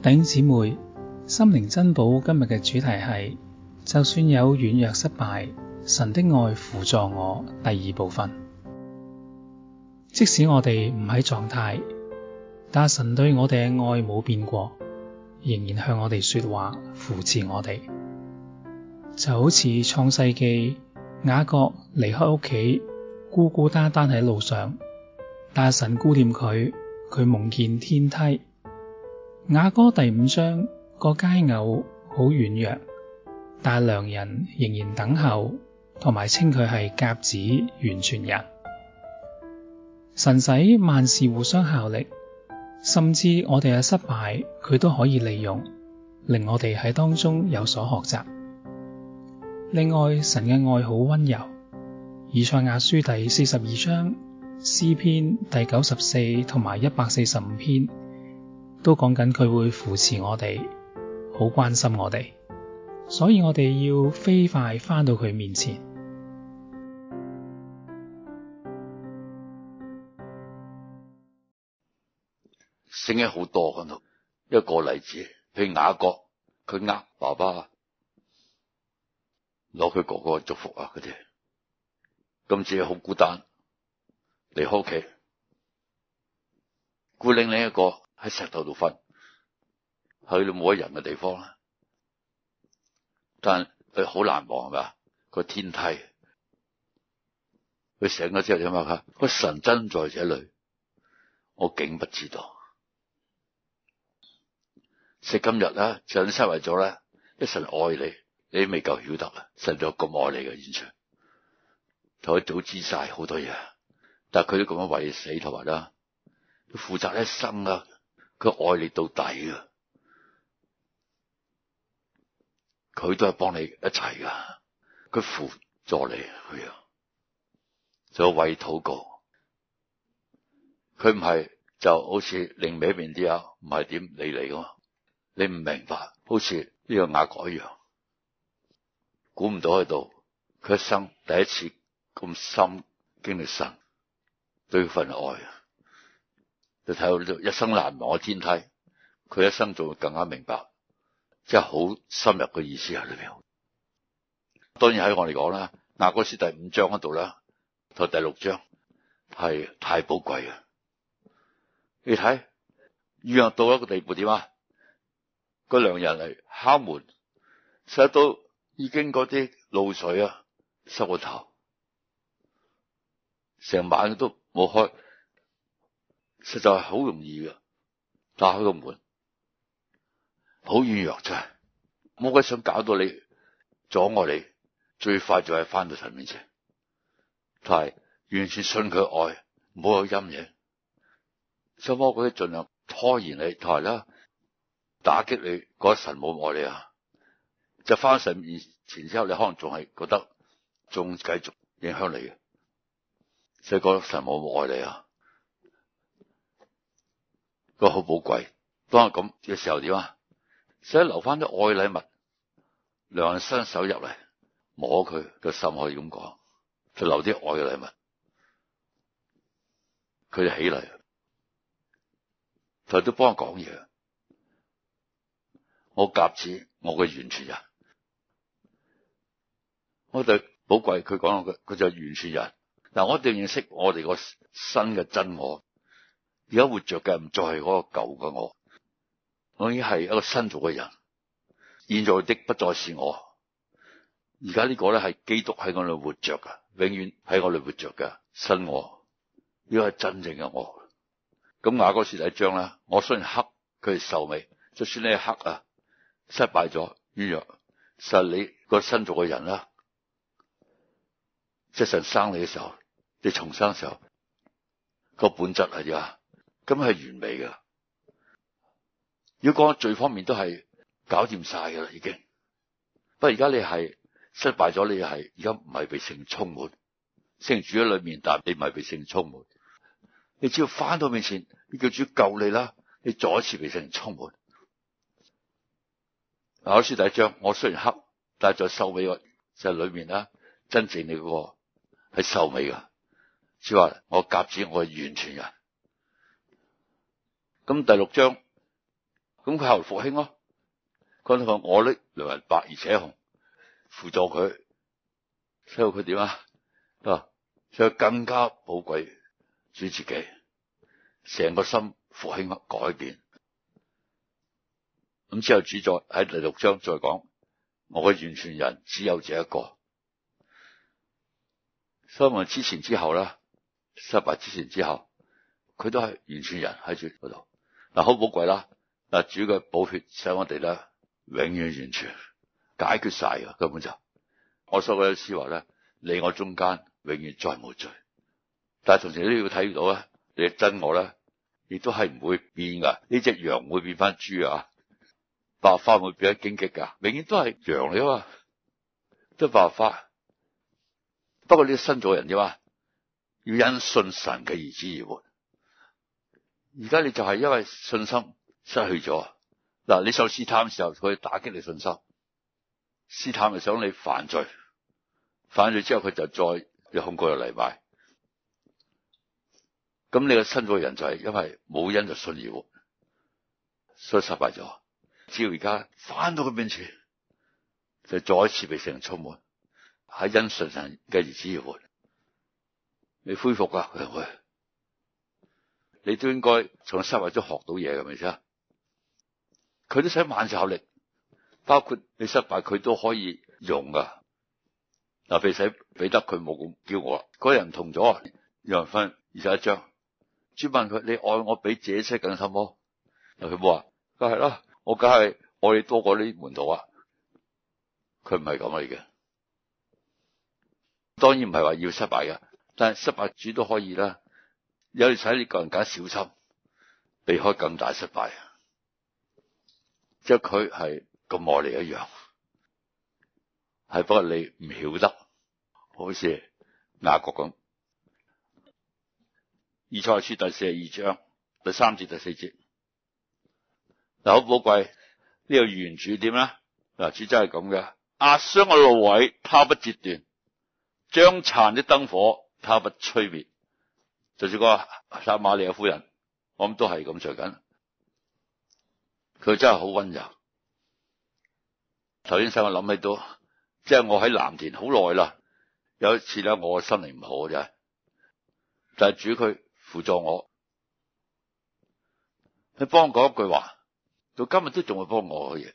弟姊妹，心靈珍寶今日嘅主題係：就算有軟弱失敗，神的愛扶助我。第二部分，即使我哋唔喺狀態，但神對我哋嘅愛冇變過，仍然向我哋說話，扶持我哋。就好似創世記雅各離開屋企，孤孤單單喺路上，但神顧念佢，佢夢見天梯。雅歌第五章，那個佳偶好軟弱，但良人仍然等候，同埋稱佢係鴿子、完全人。神使萬事互相效力，甚至我哋嘅失敗，佢都可以利用，令我哋喺當中有所學習。另外，神嘅愛好溫柔。以賽亞書第四十二章，詩篇第九十四同埋一百四十五篇。都講緊佢會扶持我哋，好關心我哋，所以我哋要飛快翻到佢面前。聲音好多嗰度一個例子，譬如雅各，佢呃爸爸攞佢哥哥嘅祝福啊嗰啲，今次係好孤單，離開屋企，孤零零一個。喺石頭度瞓，去到冇乜人嘅地方啦。但係佢好難忘，係、那、咪個天梯，佢醒咗之後點啊？吓、那，個神真在這裡，我竟不知道。食今日啦，將啲失遺咗啦。一、那個、神愛你，你未夠曉得啊！神仲咁愛你嘅，完全同佢早知晒好多嘢。但係佢都咁樣為死同埋啦，負責一生、啊佢愛你到底啊！佢都係幫你一齊噶，佢輔助你，佢啊就為禱告。佢唔係就好似另尾一面啲啊，唔係點理你噶，你唔明白，好似呢個雅各一樣，估唔到喺度，佢一生第一次咁深經歷神對佢份愛啊！就睇到呢度，一生難忘嘅天梯。佢一生仲更加明白，即係好深入嘅意思喺裏邊。當然喺我哋講啦，嗱，雅歌書第五章嗰度啦，同第六章係太寶貴嘅。你睇，雨啊到一個地步點啊？嗰兩人嚟敲門，實都已經嗰啲露水啊濕個頭，成晚都冇開。實在係好容易嘅，打開個門，好軟弱啫。魔鬼想搞到你，阻礙你，最快就係翻到神面前。但係完全信佢愛，唔好有陰嘢。所以我啲盡量拖延你，同埋咧打擊你，覺得神冇愛你啊。就返翻神面前之後，你可能仲係覺得仲繼續影響你嘅，即係覺得神冇愛你啊。個好寶貴，當係咁嘅時候點啊？想留翻啲愛禮物，兩人伸手入嚟摸佢個心，可以咁講，佢留啲愛嘅禮物。佢就起嚟，佢都幫我講嘢。我鴿子，我嘅完全人，我對寶貴。佢講佢佢就完全人，嗱，我一定要認識我哋個新嘅真愛。而家活着嘅唔再係嗰個舊嘅我，我已經係一個新造嘅人。現在的不再是我，而家呢個咧係基督喺我裏活着㗎，永遠喺我裏活着㗎。新我，呢個係真正嘅我。咁雅歌書第一章啦，我雖然黑，佢係秀美，就算你黑啊失敗咗軟弱，實係你個新造嘅人啦。即係神生你嘅時候，你重生嘅時候，個本質係啊。咁係完美㗎，如果要講罪方面都係搞掂曬㗎啦，已經。不過而家你係失敗咗，你係而家唔係被聖充滿，聖主喺裏面，但你唔係被聖充滿。你只要翻到面前，你叫主救你啦，你再一次被聖充滿。嗱，好似第一章，我雖然黑，但係在秀美我就係裏面啦，真正你個係秀美㗎。主話：我鴿子，我係完全人。咁第六章，咁佢後嚟復興咯、啊。佢我呢兩人白而且紅，輔助佢，所以佢點啊？啊，所以更加寶貴主自己，成個心復興改變。咁之後主再喺第六章再講，我嘅完全人只有這一個。所以無之前之後啦，失敗之前之後，佢都係完全人喺主嗰度。嗱，好寶貴啦！嗱、啊，主嘅寶血使我哋啦永遠完全解決晒啊根本就。我所講嘅說話咧，你我中間永遠再冇罪。但係同時都要睇到咧，你真我咧，亦都係唔會變噶。呢隻羊會變翻豬啊？白花會變咗荊棘噶？永遠都係羊嚟，啊嘛，即係白花。不過你新造人啫嘛，要因信神嘅兒子而活。而家你就係因為信心失去咗，嗱，你受試探時候，佢打擊你的信心；試探就想你犯罪，犯罪之後佢就再又控告又嚟埋，咁你嘅新造人就係因為冇因就信而活，所以失敗咗。只要而家返到佢面前，就再一次被聖人充滿，喺因信上繼續滋活，你恢復噶佢。你都應該從失敗中學到嘢係咪先。佢都使萬事效力，包括你失敗，佢都可以用噶。嗱，俾使彼得佢冇咁叫我啦。嗰人同咗人分二十一章，主問佢：你愛我比這些更深麼？佢冇話，佢係啦，我梗係愛你多過呢門徒啊。佢唔係咁嚟嘅。當然唔係話要失敗㗎，但係失敗主都可以啦。有時使你個人更加小心，避開咁大失敗。即係佢係咁愛你一樣，係不過你唔曉得，好似雅各咁。以賽亞書第四十二章第三節第四節，嗱，好寶貴呢、呢個原主點咧？嗱，主真係咁嘅，壓傷嘅蘆葦，他不折斷；將殘的燈火，他不吹滅。就住個撒瑪利亞夫人，我諗都係咁着緊，佢真係好温柔。頭先使我諗起都，即係我喺藍田好耐啦。有一次咧，我心情唔好嘅，但係主佢輔助我，佢幫我講一句話，到今日都仲會幫我嘅嘢，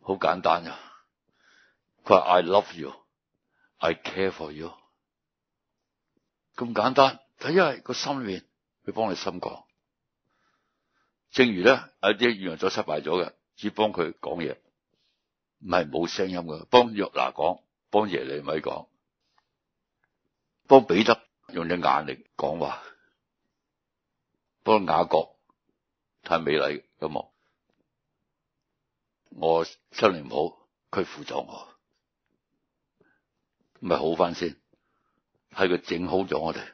好簡單咋啊。佢話：I love you, I care for you，咁簡單。睇，因為個心裏面佢幫你心講，正如咧有啲預言咗失敗咗嘅，只幫佢講嘢，唔係冇聲音嘅，幫約拿講，幫耶利米講，幫彼得用隻眼力講話，幫雅各，太美麗嘅音，我心靈唔好，佢扶助我，咪好翻先，係佢整好咗我哋。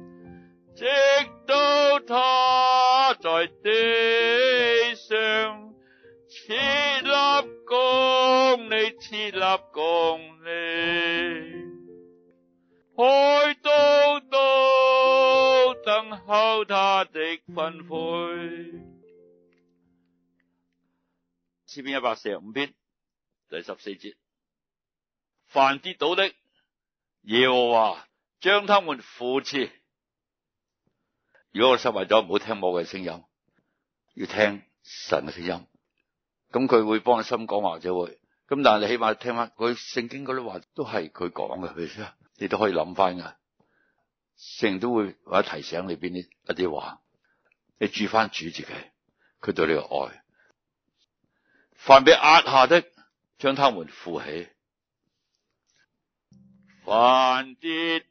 直到他在地上設立公理，設立公理，海島都，等候他的訓誨。詩篇一百四十五篇第十四節：凡跌倒的，耶和華將他們扶持。如果我失敗咗，唔好聽我嘅聲音，要聽神嘅聲音。咁佢會幫你心講話。或者會，咁但係你起碼聽翻佢聖經嗰啲話，都係佢講嘅，你都可以諗翻噶。聖人都會或者提醒你邊啲一啲話，你注翻主自己，佢對你嘅愛，凡被壓下的，將他們扶起。凡的。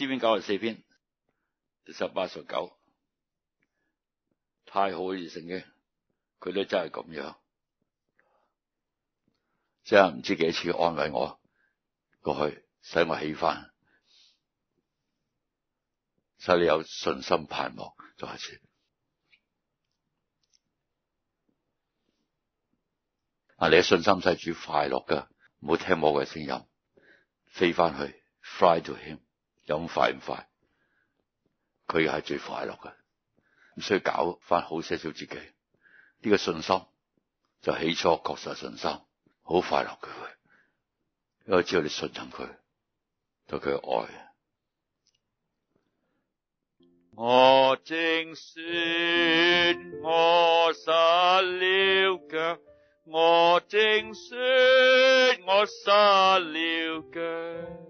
詩篇九十四篇十八十九，18, 19, 太好而成嘅。佢都真係咁樣，真係唔知幾次安慰我過去，使我起翻，使你有信心盼望再一次。啊！你有信心，使主快樂噶，唔好聽我嘅聲音，飛翻去，fly to him。有咁快唔快？佢係最快樂嘅，唔需要搞翻好些少自己。呢、這個信心就起初確實係信心，好快樂佢，因為只有你信任佢，對佢愛我我。我正說，我失了腳；我正說，我失了腳。